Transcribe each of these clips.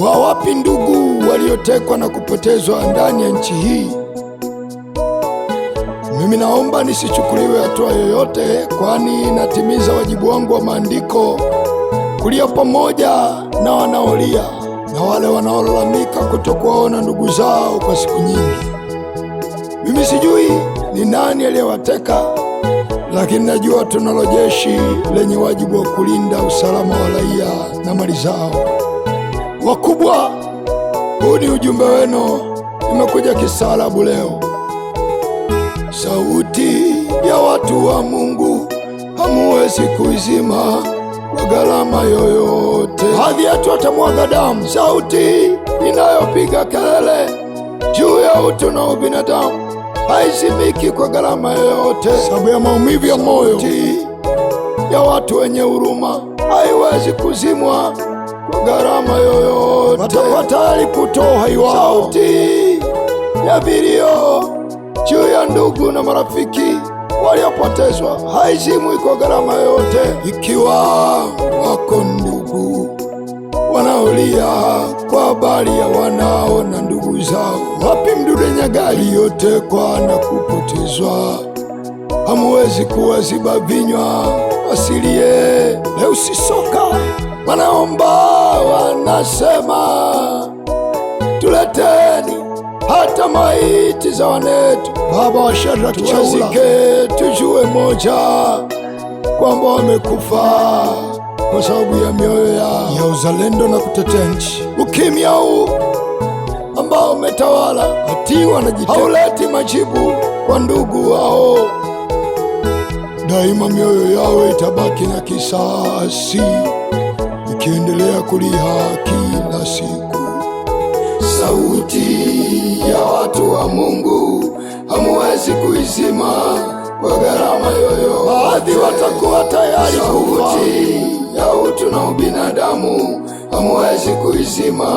wawapi ndugu waliotekwa na kupotezwa ndani ya nchi hii. Mimi naomba nisichukuliwe hatua yoyote, kwani natimiza wajibu wangu wa maandiko, kulia pamoja na wanaolia na wale wanaolalamika kutokuwaona ndugu zao kwa siku nyingi. Mimi sijui ni nani aliyewateka, lakini najua tunalo jeshi lenye wajibu wa kulinda usalama wa raia na mali zao. Wakubwa, huu ni ujumbe wenu. Nimekuja kisalabu leo. Sauti ya watu wa Mungu hamuwezi kuizima kwa gharama yoyote. Hadhi yetu atamwaga damu, sauti inayopiga kelele juu ya utu na ubinadamu haizimiki kwa gharama yoyote. Sababu ya maumivu ya moyo ya watu wenye huruma haiwezi kuzimwa garama gharama yoyote, watakuwa tayari kutoa uhai wao. Sauti ya vilio juu ya ndugu na marafiki waliopotezwa haizimwi kwa gharama yoyote. Ikiwa wako ndugu wanaolia kwa habari ya wanao na ndugu zao, wapi mdude nyagali kwa na kupotezwa, hamuwezi kuwaziba vinywa asilie leusisoka wanaomba wanasema, tuleteni hata maiti za wanetu, baba wa shari, tuwazike, tujue moja kwamba wamekufa kwa sababu ya mioyo yao ya uzalendo na kutetea nchi. Ukimya huu ambao umetawala ati wanajitetea hauleti majibu kwa ndugu wao, daima mioyo yao itabaki na kisasi nikiendelea kulia kila siku. Sauti ya watu wa Mungu hamuwezi kuizima kwa gharama yoyote. Baadhi watakuwa tayari kufa. Sauti ya utu na ubinadamu hamuwezi kuizima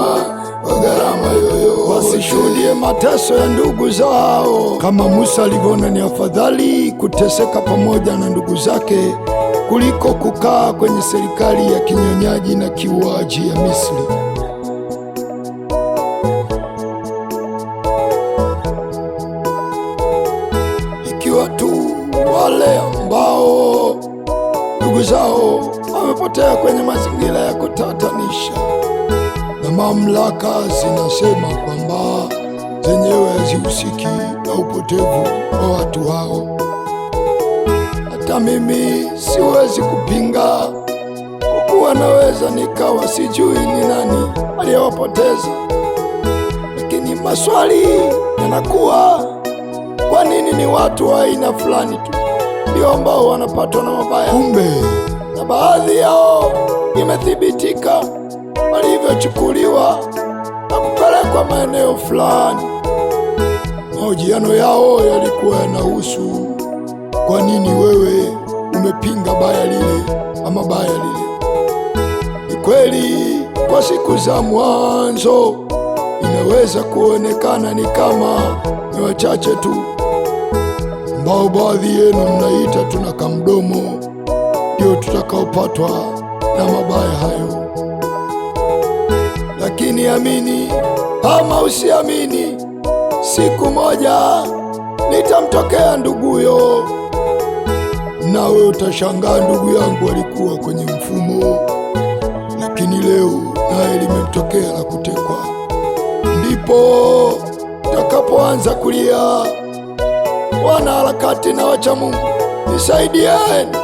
kwa gharama yoyote. Wasishuhudie mateso ya ndugu zao, kama Musa alivyoona ni afadhali kuteseka pamoja na ndugu zake kuliko kukaa kwenye serikali ya kinyonyaji na kiuaji ya Misri. Ikiwa tu wale ambao ndugu zao wamepotea kwenye mazingira ya kutatanisha na mamlaka zinasema kwamba zenyewe hazihusiki na upotevu wa watu hao hata mimi siwezi kupinga, kuwa naweza nikawa sijui ni nani aliyewapoteza, lakini maswali yanakuwa kwa nini ni watu wa aina fulani tu ndio ambao wanapatwa na mabaya? Kumbe na baadhi yao imethibitika walivyochukuliwa na kupelekwa maeneo fulani. Mahojiano yao yalikuwa yanahusu kwa nini wewe umepinga baya lile ama baya lile? Ni kweli kwa siku za mwanzo inaweza kuonekana ni kama ni wachache tu ambao baadhi yenu mnaita tuna kamdomo, ndio tutakaopatwa na mabaya hayo. Lakini amini ama usiamini, siku moja nitamtokea nduguyo nawe utashangaa ndugu yangu alikuwa kwenye mfumo, lakini leo naye limemtokea na kutekwa. Ndipo takapoanza kulia, wana harakati na wacha Mungu, nisaidieni,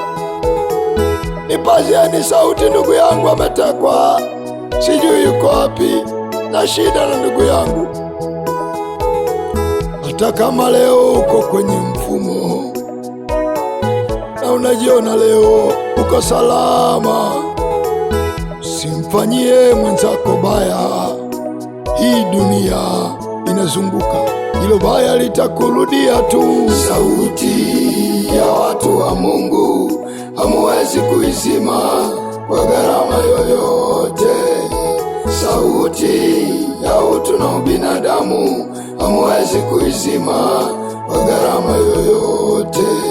nipazieni sauti, ndugu yangu ametekwa, sijui yuko wapi, na shida na ndugu yangu, hata kama leo uko kwenye mfumo na unajiona leo uko salama, simfanyie mwenzako baya. Hii dunia inazunguka, hilo baya litakurudia tu. Sauti ya watu wa Mungu hamuwezi kuizima kwa gharama yoyote. Sauti ya utu na ubinadamu hamuwezi kuizima kwa gharama yoyote.